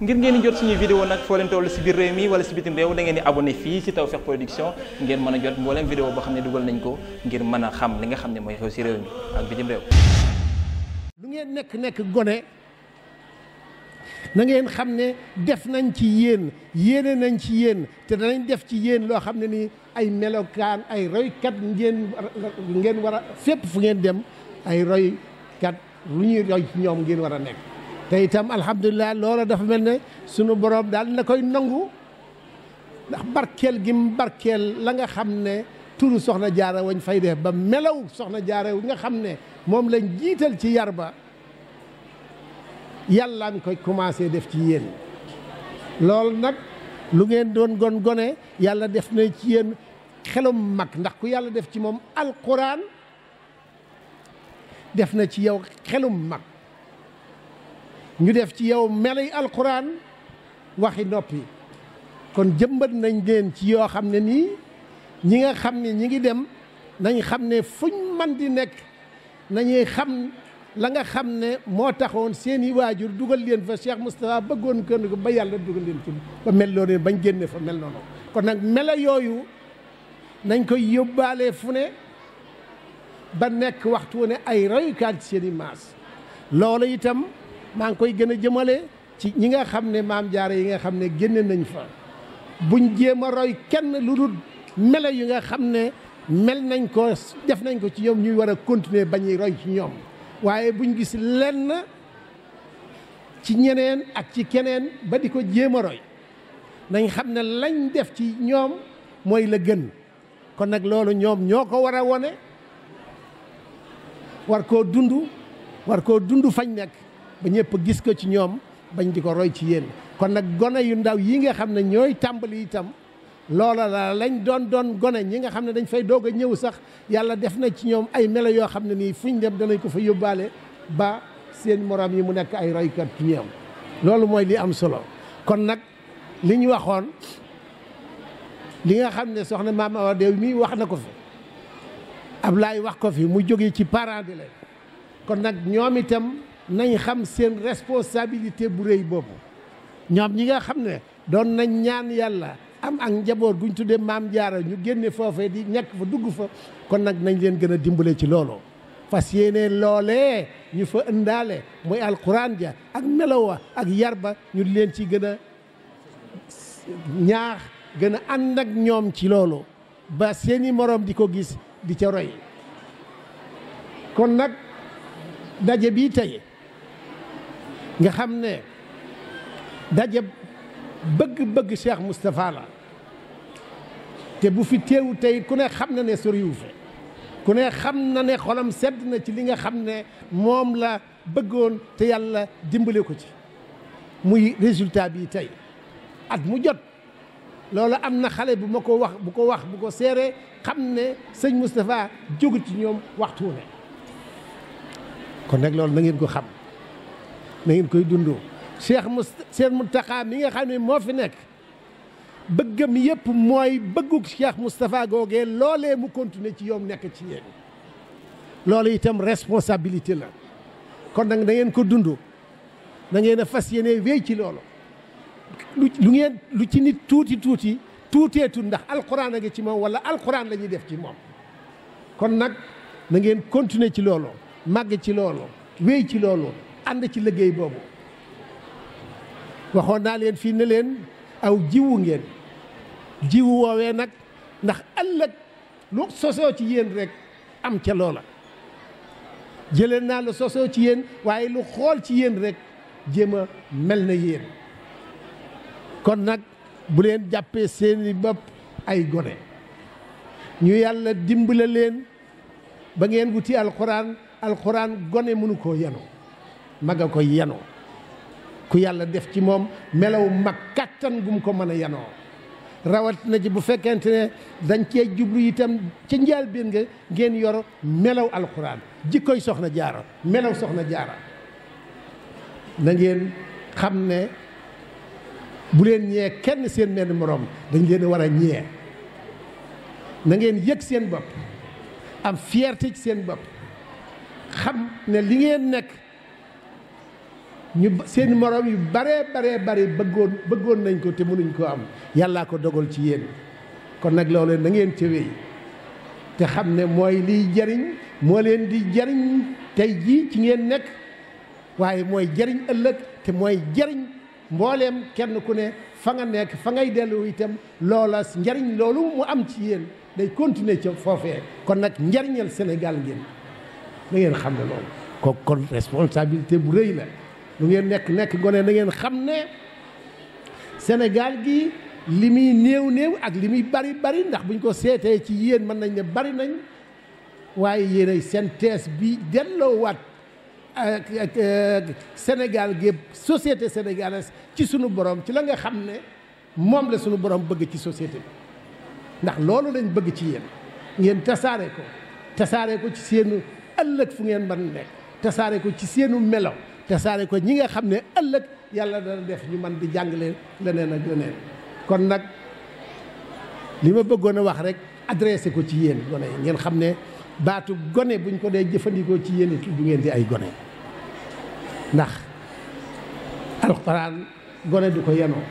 ngir ngeen di jot suñu vidéo nag foo leen toll si biir réew mi wala si bitim réew da ngeen di abonné fii si Tawfekh Production ngeen mën a jot mbooleem vidéo boo xam ne dugal nañ ko ngir mën a xam li nga xam ne mooy xew si ak bitim réew lu ngeen nekk nekk gone na ngeen xam ne def nañ ci yéen yéene nañ ci yéen te danañ def ci yéen loo xam ne ni ay melokaan ay roykat ngeen ngeen war a fépp fu ngeen dem ay roykat lu ñuy roy ci ñoom ngeen war a nekk te itam alhamdulilah loola dafa mel ne sunu boroom daal na koy nangu ndax barkeel gi mu barkeel la nga xam ne turu soxna jaara wañ fay def ba melaw soxna jaara wi nga xam ne moom lañ jiital ci yar ba yàlla nga koy commencé def ci yéen loolu nag lu ngeen doon gon gone yàlla def na ci yéen xelum mag ndax ku yàlla def ci moom alquran def na ci yow xelum mag ñu def ci yow melay alxuraan waxi noppi kon jëmbat nañ leen ci yoo xam ne nii ñi nga xam ne ñi ngi dem nañ xam ne fuñ man di nekk nañuy xam la nga xam ne moo taxoon seeni waajur dugal leen fa Cheikh Moustapha bëggoon kenn ko ba yàlla dugal leen ci ba mel loolu bañ génne fa mel noonu kon nag mela yooyu nañ koy yóbbaale fu ne ba nekk waxtu ne ay royukaat seeni maas loolu itam maa ngi koy gën a jëmale ci ñi nga xam ne maam jaare yi nga xam ne génne nañ fa buñ jéem a roy kenn lu dul melo yi nga xam ne mel nañ ko def nañ ko ci ñoom ñuy war a continuer bañuy roy ci ñoom waaye buñ gis lenn ci ñeneen ak ci keneen ba di ko jéem a roy nañ xam ne lañ def ci ñoom mooy la gën kon nag loolu ñoom ñoo ko war a wone war koo dund war koo dund fañ nekk ba ñëpp gis ko ci ñoom bañ di ko roy ci yéen kon nag gone yu ndaw yii nga xam ne ñooy tàmbali itam loola la lañ doon doon gone ñi nga xam ne dañ fay doog a ñëw sax yàlla def na ci ñoom ay melo yoo xam ne nii fuñ dem danañ ko fa yóbbaale ba seen morom yi mu nekk ay roykat ci ñoom loolu mooy li am solo kon nag li ñu waxoon li nga xam ne soxna maam Awa Dew mii wax na ko fi Ablaay wax ko fi mu jógee ci parents di la kon nag ñoom itam nañ xam seen responsabilité bu réy boobu ñoom ñi nga xam ne doon nañ ñaan yàlla am ak njaboot guñ tuddee maam jaara ñu génne foofe di ñàkk fa dugg fa kon nag nañ leen gën a dimbale ci loolu fas yéeneen loolee ñu fa ëndaale mooy alxuraan ja ak melawa ak yarba ñu leen ci gën a ñaax gën a ànd ñoom ci loolu ba seeni moroom di ko gis di ca roy kon nag daje bii tey nga xam ne daje bëgg-bëgg Cheikh Moustapha la te bu fi teewu tey ku ne xam na ne soriwu fi ku ne xam na ne xolam sedd na ci li nga xam ne moom la bëggoon te yàlla dimbale ko ci muy résultat bii tey at mu jot loolu am na xale bu ma ko wax bu ko wax bu ko seere xam ne sëñ Moustapha jógu ci ñoom waxtu kon nekk loolu na ko xam na ngeen koy dundoo Cheikh mu Cheikh Mountakha mi nga xam ne moo fi nekk bëggam yëpp mooy bëggu Cheikh Moustapha googee loolee mu continuer ci yoom nekk ci yéen loolu itam responsabilité la kon nag na ngeen ko dundoo na ngeen a fas yenee wéy ci loolu lu ngeen lu ci nit tuuti tuuti tuuteetu ndax alxuraan a ngi ci moom wala alxuraan la ñuy def ci moom kon nag na ngeen continuer ci loolu màgg ci loolu wéy ci looloo ànd ci liggéey boobu waxoon naa leen fii ne leen aw jiwu ngeen jiwu woowee nag ndax ëllëg lu sosoo ci yéen rek am ca loola jëleen naa lu sosoo ci yéen waaye lu xool ci yéen rek jéem mel na yéen kon nag bu leen jàppee seeni bopp ay gone ñu yàlla dimbale leen ba ngeen wuti alxuraan alxuraan gone mënu koo yenu mag a koy ku yàlla def ci moom melaw mag kàttan gum ko mën a yanoo rawat na ci bu fekkente ne dañ cee jublu itam ca njaal biir nga ngeen yor melaw alxuraan jikkoy soxna jaaro melow soxna jaara na xam ne bu leen ñee kenn seen menn moroom dañ leen war a ñee na ngeen yëg seen bopp am fierté ci seen bopp xam ne li ngeen nekk ñu seen moroom yu baree baree bari bëggoon bëggoon nañ ko te mënuñ ko am yàllaa ko dogal ci yéen kon nag loolu na ngeen ca wéy te xam ne mooy liy jariñ moo leen di jariñ tey jii ci ngeen nekk waaye mooy jariñ ëllëg te mooy jariñ mbooleem kenn ku ne fa nga nekk fa ngay dellu itam loola njariñ loolu mu am ci yéen day continuer ca foofee kon nag njariñal Sénégal ngeen na ngeen xam ne loolu ko kon responsabilité bu rëy la lu ngeen nekk nekk gone na ngeen xam ne Sénégal gi li muy néew néew ak li muy bari bari ndax buñ ko seetee ci yéen mën nañ ne bari nañ waaye seen tees bi delloowaat ak Sénégal gépp société sénégalaise ci sunu borom ci la nga xam ne moom la sunu borom bëgg ci société bi ndax loolu lañ bëgg ci yéen ngeen tasaare ko tasaare ko ci seenu ëllëg fu ngeen mën nekk tasaare ko ci seenu melo te saare ko ñi nga xam ne ëllëg yàlla dana def ñu man di jàngale leneen ak leneen kon nag li ma bëggoon a wax rek adressé ko ci yéen gone yi ngeen xam ne baatu gone buñ ko dee jëfandikoo ci yéen it du ngeen di ay gone ndax alxuraan gone du ko yenoo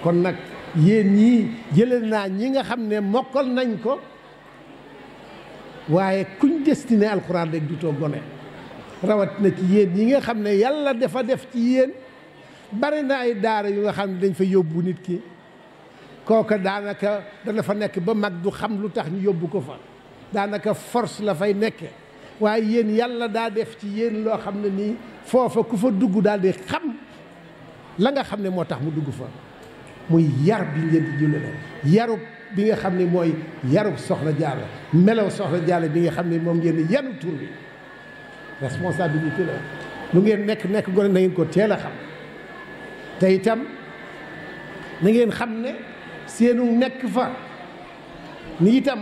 kon nag yéen ñii jëlee naa ñi nga xam ne mokkal nañ ko waaye kuñ destiné alxuraan rek du too gone rawat na ci yéen yi nga xam ne yàlla dafa def ci yéen bari na ay daara yu nga xam ne dañ fa yóbbu nit ki kooka daanaka dana fa nekk ba mag du xam lu tax ñu yóbbu ko fa daanaka force la fay nekk waaye yéen yàlla daa def ci yéen loo xam ne nii foofa ku fa dugg daal di xam la nga xam ne moo tax mu dugg fa muy yar bi ngeen di jullee yarub bi nga xam ne mooy yarub soxna jaara melaw soxna jaara bi nga xam ne moom ngeen yanu tur responsabilité la lu ngeen nekk nekk gone na ngeen ko teel a xam te itam na ngeen xam ne seenu nekk fa ni itam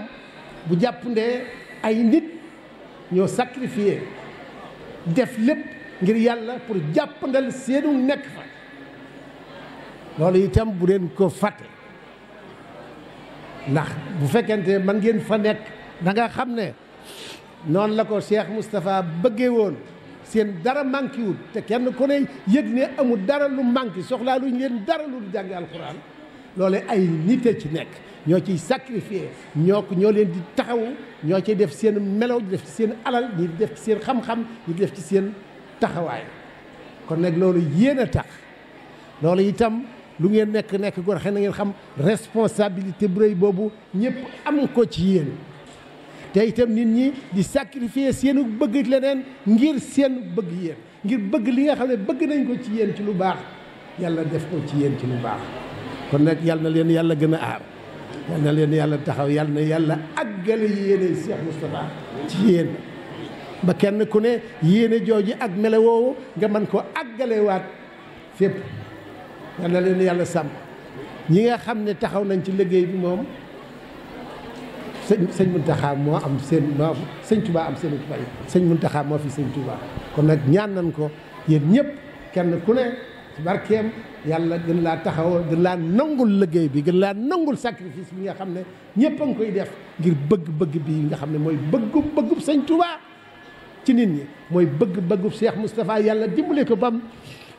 bu jàppandee ay nit ñoo sacrifié def lépp ngir yàlla pour jàppandal seenu nekk fa loolu itam bu leen ko fàtte ndax bu fekkente man ngeen fa nekk da nga xam ne noonu la ko Cheikh Moustapha bëggee woon seen dara manqué wul te kenn ku ne yëg ne amul dara lu manqué soxlaa luñ leen dara lu jàng alxuraan loole ay nit ci nekk ñoo ciy sacrifié ñoo ko ñoo leen di taxawu ñoo ciy def seen melaw di def ci seen alal ñi di def ci seen xam-xam ñi def ci seen taxawaay kon nag loolu yéen a tax loolu itam lu ngeen nekk nekk gor xëy na ngeen xam responsabilité bu rëy boobu ñëpp am ko ci yéen tey itam nit ñi di sacrifier seenu bëgg leneen ngir seen bëgg yéen ngir bëgg li nga xam ne bëgg nañ ko ci yéen ci lu baax yàlla def ko ci yéen ci lu baax kon nag yàlla na leen yàlla gën a aar yàlla na leen yàlla taxaw yàlla na yàlla àggale yéene Cheikh Moustapha ci yéen ba kenn ku ne yéene jooju ak mele woowu nga mën ko àggalewaat fépp yàlla na leen yàlla sàmm ñi nga xam ne taxaw nañ ci liggéey bi moom sëñ sëñ Muntaxa moo am seen moo sëñ Touba am seen Touba yi sëñ Muntaxa moo fi sëñ Touba kon nag ñaan nañ ko yéen ñëpp kenn ku ne ci barkeem yàlla gën laa taxawal gën laa nangul liggéey bi gën laa nangul sacrifice bi nga xam ne ñëpp a ngi koy def ngir bëgg-bëgg bi nga xam ne mooy bëggu bëggub sëñ Touba ci nit ñi mooy bëgg-bëggub Cheikh Moustapha yàlla dimbale ko bam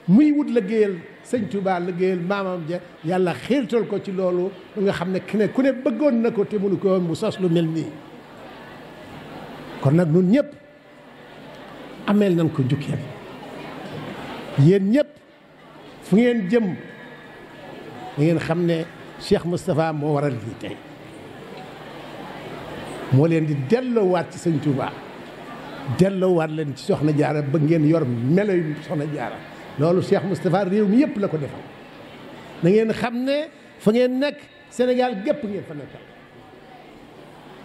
muy wut liggéeyal sëñ Touba liggéeyal maamam ja yàlla xiirtal ko ci loolu lu nga xam ne ki ne ku ne bëggoon na ko te mënu ko mu sos lu mel nii kon nag nun ñëpp ameel nañ ko njukkeel yéen ñëpp fu ngeen jëm da ngeen xam ne Cheikh Moustapha moo waral lii tey moo leen di delloowaat ci sëñ Touba delloowaat leen ci soxna jaara ba ngeen yor melo yu soxna jaara loolu Cheikh Moustapha réew mi yëpp la ko defal da ngeen xam ne fa ngeen nekk Sénégal gépp ngeen fa nekkal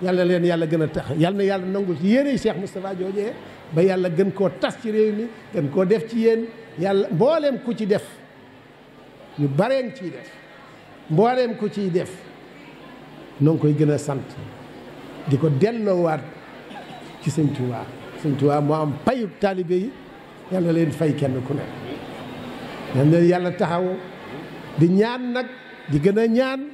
yàlla leen yàlla gën a tax yàlla na yàlla nangul ci yére Cheikh Moustapha joojee ba yàlla gën koo tas ci réew mi gën koo def ci yéen yàlla mbooleem ko ci def ñu bareen ciy def mbooleem ko ciy def noo ngi koy gën a sant di ko delloowaat ci sëñ Tuubaa sëñ Tuubaa moo am payu taalibe yi yàlla leen fay kenn ku nekk yal na yàlla taxaw di ñaan nag di gën a ñaan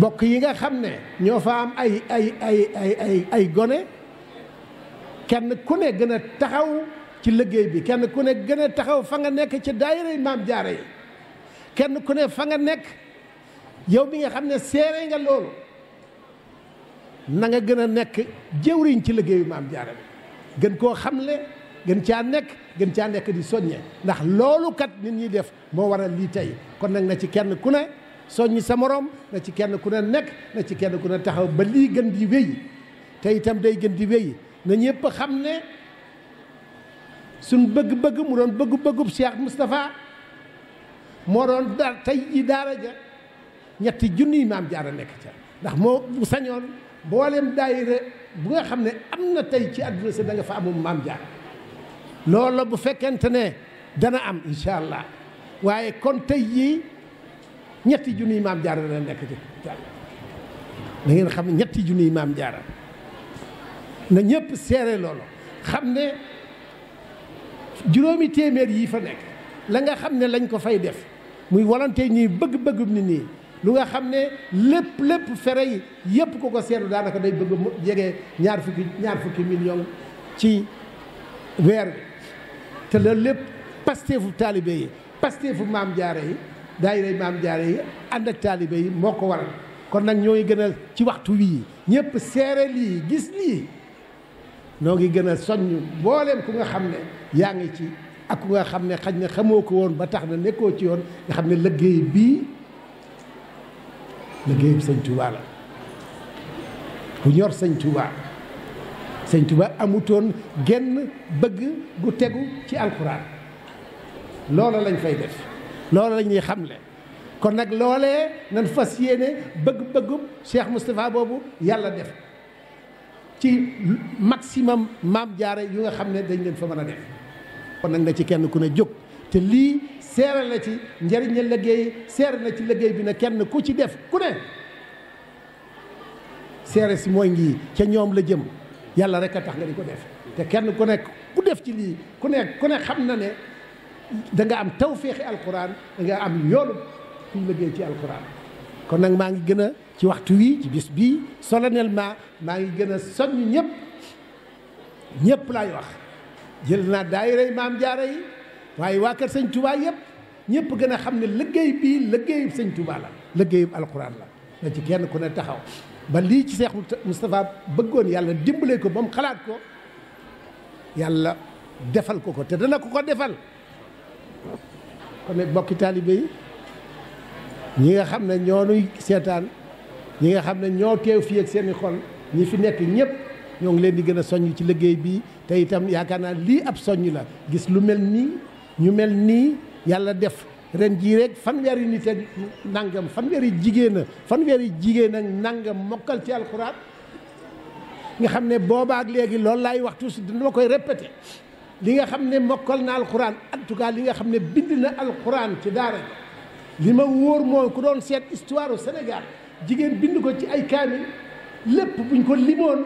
bokk yi nga xam ne ñoo fa am ay ay ay ay ay ay gone kenn ku ne gën a taxaw ci liggéey bi kenn ku ne gën a taxaw fa nga nekk ci daayira maam jaara yi kenn ku ne fa nga nekk yow bi nga xam ne seere nga loolu na nga gën a nekk jëwriñ ci liggéeyu maam jaara bi gën koo xamle gën caa nekk gën caa nekk di soññe ndax loolu kat nit ñi def moo waral lii tey kon nag na ci kenn ku ne soññi sa moroom na ci kenn ku ne nekk na ci kenn ku ne taxaw ba lii gën di wéy te itam day gën di wéy na ñëpp xam ne suñ bëgg-bëgg mu doon bëgg-bëggub Cheikh mustafa moo doon da tey ji daara ja ñetti junniy maam jaar a nekk ca ndax moo bu sañoon boolem daayira bu nga xam ne am na tey ci àdduna si da nga fa amum maam jaara loolu bu fekkente ne dana am incha allah waaye kon tey jii ñetti junniy maam jaara nekk ci ngeen xam ne ñetti junniy maam jaara na ñëpp seere loolu xam ne juróomi téeméer yii fa nekk la nga xam ne lañ ko fay def muy walante ñuy bëgg-bëggum nit ñi lu nga xam ne lépp lépp fere yi yëpp ko ko seeru daanaka day bëgg mu jege ñaar fukki ñaar fukki million ci weer te loolu lépp pasteefu taalibe yi pasteefu maam jaare yi daayira maam jaare yi ànd ak taalibe yi moo ko waral kon nag ñoo ngi gën a ci waxtu wii ñëpp seere lii gis lii noo ngi gën a soññ mbooleem ku nga xam ne yaa ngi ci ak ku nga xam ne xaj na xamoo ko woon ba tax na nekkoo ci yoon nga xam ne léggéey bii liggéey bi sëñ Tuubaa la ku ñor sëñ Tuubaa sëñ Tuba amutoon genn bëgg gu tegu ci alxuraan loola lañ fay def loola la ñuy xamle kon nag loolee nan fas yéene bëgg-bëggub Cheikh Moustapha boobu yàlla def ci maximum maam jaare yu nga xam ne dañ leen fa mën a def kon nag na ci kenn ku ne jóg te lii seere na ci njëriñal liggéey seere na ci liggéey bi na kenn ku ci def ku ne seere si mooy ngi ca ñoom la jëm yàlla rek a tax nga di ko def te kenn ku nekk ku def ci lii ku nekk ku ne xam na ne danga nga am tawféexi alquran da nga am yoonu kuy liggéey ci alquran kon nag maa ngi gën a ci waxtu wii ci bis bii solennellement maa ngi gën a soññ ñëpp ñëpp laay wax jël naa daayira yi maam jaara yi waaye waa kër sëñ Touba yëpp ñëpp gën a xam ne liggéey bii liggéeyub sëñ Touba la liggéeyub alquran la na ci kenn ku ne taxaw ba lii ci Seex Moustapha bëggoon yàlla dimbale ko ba mu xalaat ko yàlla defal ko ko te dana ko ko defal kon nag bokki taalibe yi ñi nga xam ne ñoo nuy seetaan ñi nga xam ne ñoo teew fii ak seeni xol ñi fi nekk ñëpp ñoo ngi leen di gën a soññ ci liggéey bi te itam yaakaar naa lii ab soññ la gis lu mel nii ñu mel nii yàlla def ren jii rek fanweeri nit ak nangam fanweeri jigéen a fanweeri jigéen ak nangam mokkal ci alxuraan nga xam ne boobaak léegi loolu laay waxtu si dama koy répété li nga xam ne mokkal na alxuraan en tout cas li nga xam ne bind na alxuraan ci daara li ma wóor mooy ku doon seet histoire au Sénégal jigéen bind ko ci ay kaamil lépp buñ ko limoon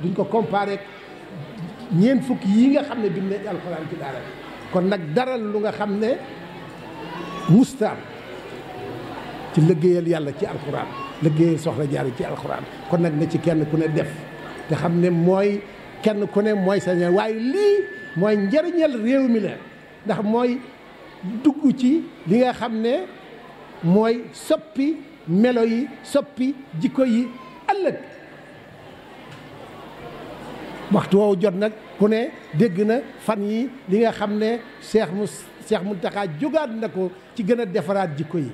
duñ ko comparé ñeent fukki yi nga xam ne bind na alxuraan ci daara kon nag dara lu nga xam ne musta ci liggéeyal yàlla ci alxuraan liggéeyal soxla jaari ci alxuraan kon nag na ci kenn ku ne def te xam ne mooy kenn ku ne mooy sañ waaye lii mooy njëriñal réew mi la ndax mooy dugg ci li nga xam ne mooy soppi melo yi soppi jikko yi ëllëg waxtoo jot nag ku ne dégg na fan yi li nga xam ne Cheikh Moussa Cheikh taxaat jógaat na ko ci gën a defaraat jikko yi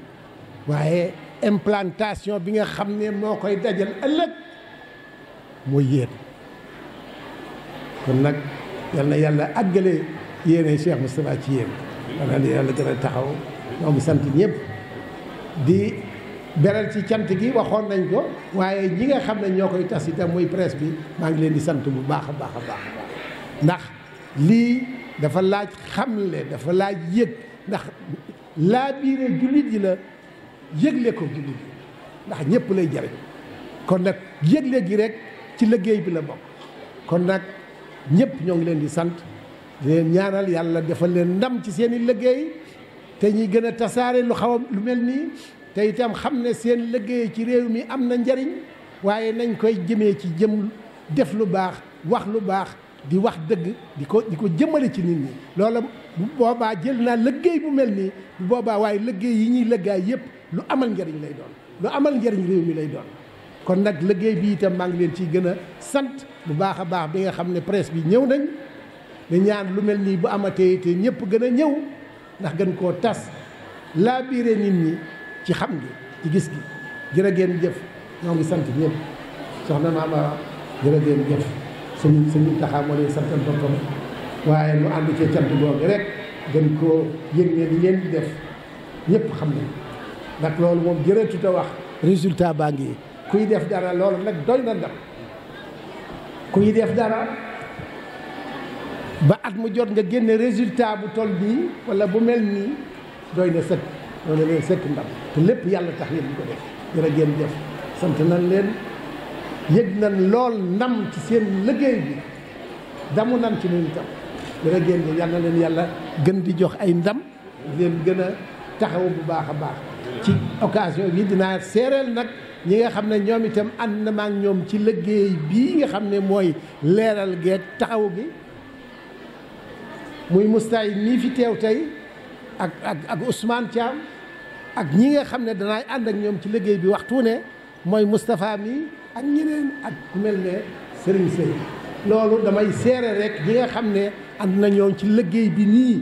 waaye implantation bi nga xam ne moo koy dajal ëllëg moo yéen kon nag yal na yàlla àggale yéene Cheikh Moustapha ci yéen yal na yàlla gën a taxaw ñoo ngi sant ñëpp di beral ci cant gi waxoon nañ ko waaye ñi nga xam ne ñoo koy tas itam muy presse bi maa ngi leen di sant bu baax a baax a baax ndax lii dafa laaj xamle dafa laaj yëg ndax laa biire jullit yi la yëgle ko jullit yi ndax ñëpp lay jariñ kon nag yëgle gi rek ci liggéey bi la bokk kon nag ñëpp ñoo ngi leen di sant di leen ñaanal yàlla defal leen ndam ci seeni i liggéey te ñuy gën a tasaare lu xaw a lu mel nii te itam xam ne seen liggéey ci réew mi am na njariñ waaye nañ koy jëmee ci jëm def lu baax wax lu baax di wax dëgg di ko di ko jëmale ci nit ñi loola bu boobaa jël naa liggéey bu mel nii bu boobaa waaye liggéey yi ñuy liggéey yëpp lu amal njëriñ lay doon lu amal njëriñ réew mi lay doon kon nag liggéey bi itam maa ngi leen ci gën a sant bu baax a baax bi nga xam ne presse bi ñëw nañ di ñaan lu mel nii bu amatee te ñëpp gën a ñëw ndax gën koo tas laa biire nit ñi ci xam gi ci gis gi a ngeen jëf ñoo ngi sant ñëpp soxna maama jërë ngeen jëf suñu suñu taxaw moo leen santal boppam waaye mu ànd cee cant googu rek gën koo yëg ne li ngeen di def ñëpp xam nañ ndax loolu moom jërëtut a wax résultat baa ngi kuy def dara loolu nag doy na ndam kuy def dara ba at mu jot nga génne résultat bu toll bii wala bu mel nii doy na sëkk doy na leen sëkk ndam te lépp yàlla tax yéen ñu ko def jërë ngeen def sant nañ leen yëg nañ lool ndam ci seen liggéey bi damu nan ci ñun itam dana génn leen yàlla gën di jox ay ndam leen gën a taxaw bu baax a baax ci occasion bi dinaa seereel nag ñi nga xam ne ñoom itam ànd na ñoom ci liggéey bii nga xam ne mooy leeral gee taxaw gi muy mustaay mii fi teew tey ak ak ak Ousmane Thiam ak ñi nga xam ne danaay ànd ak ñoom ci liggéey bi waxtu ne mooy Moustapha mi ak ñeneen ak ku mel ne Serigne Seye loolu damay seere rek ñi nga xam ne ànd na ñoom ci liggéey bi nii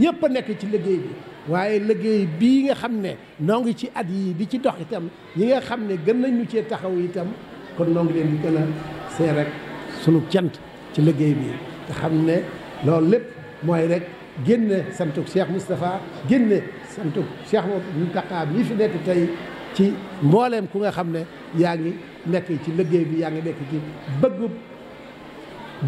ñëpp a nekk ci liggéey bi waaye liggéey bii nga xam ne noo ngi ci at yi di ci dox itam ñi nga xam ne gën nañu cee taxaw itam kon noo leen di gën a seere rek sunu cant ci liggéey bi te xam ne loolu lépp mooy rek génne santuk Cheikh Moustapha génne santuk Cheikh Moustapha bi fi nekk tey ci mbooleem ku nga xam ne yaa ngi nekk ci liggéey bi yaa ngi nekk ci bëggub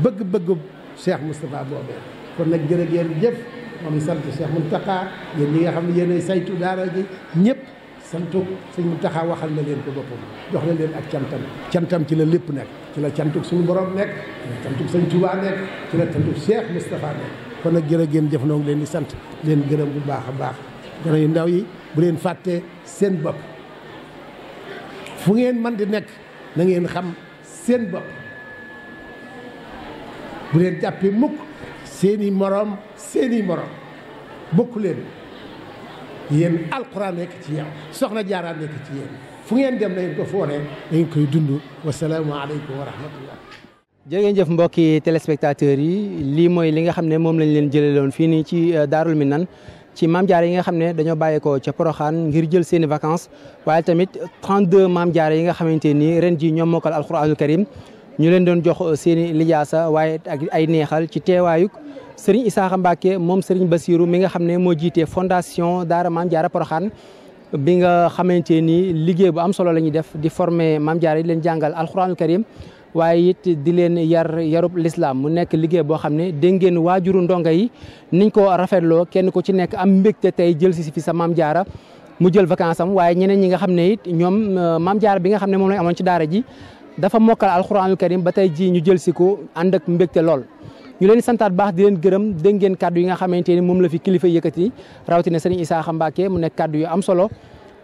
bëgg-bëggub Cheikh Moustapha boobee kon nag jërë ngeen jëf moom ngi sant Cheikh Mountakha yéen ñi nga xam ne yéenay saytu daara gi ñëpp santuk sëñ Mountakha waxal na leen ko boppam jox na leen ak cantam cantam ci la lépp nekk ci la cantuk suñu borom nekk ci la cantuk sëñ Touba nekk ci la cantuk Cheikh Moustapha nekk kon nag jërë ngeen jëf noo leen di sant leen gërëm bu baax a baax gone yu ndaw yi bu leen fàttee seen bopp fu ngeen man di nekk na ngeen xam seen bopp bu leen jàppee mukk seeni moroom seeni moroom bokku leen yéen alquran nekk ci yow soxna jaaraan nekk ci yéen fu ngeen dem na ngeen ko fooree da ngeen koy dund wasalaamaaleykum wa rahmatullah jërëjëf jëf mbokki téléspectateurs yi lii mooy li nga xam ne moom lañu leen jëlee loon fii nii ci euh, Daarul Minan ci maam jaare yi nga xam ne dañoo bàyyeekoo ca Poroxaan ngir jël seeni i waaye tamit 32 maam jaare yi nga xamante nii ren ji ñoom mokkal alxuraanul karim ñu leen doon jox euh, seen i lijaasa waaye ak ay neexal ci teewaayuk sëriñ Isaaxa Mbacke moom sëriñ Basiru mi nga xam ne moo jiite fondation Daara Maam Jaara Poroxaan bi nga xamante ni liggéey bu am solo la ñuy def di forme Maam Jaara yi leen jàngal alxuraanul karim waaye it di leen yar yarub lislaam mu nekk liggéey boo xam ne dégg ngeen waajuru ndongo yi niñ ko rafetloo kenn ku ci nekk am mbégte tey jël si fi sa maam jaara mu jël vacance waaye ñeneen ñi nga xam ne it ñoom euh, maam jaara bi nga xam ne moom lañ amoon ci daara ji dafa mokkal alxuraanul karim ba tey ji ñu jël si ko ànd ak mbégte lool ñu leen santaat baax di leen gërëm dégg ngeen kàddu yi nga xamante ni moom la fi kilifa yëkkati rawatina sëriñ Isaaxa Mbàkke mu nekk kàddu yu am solo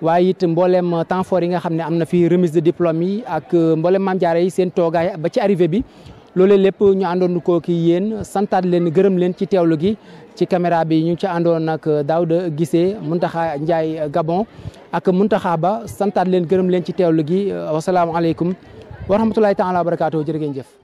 waaye it mbooleem temps fort yi nga xam ne am na fi remise de diplôme yi ak euh, mboolem Maam Jaara yi seen toogaay ba ci arrivée bi loolee lépp ñu àndoon ko ki yéen santaat leen gërëm leen ci teewlu gi ci caméra bi ñu ngi ci àndoon ak gisee euh, Guissé Mountakha Ndiaye euh, Gabon ak Mountakha Ba santaat leen gërëm leen ci teewlu gi wasalaamualeykum wa rahmatulahi taala wa barakaatu jërë ngeen jëf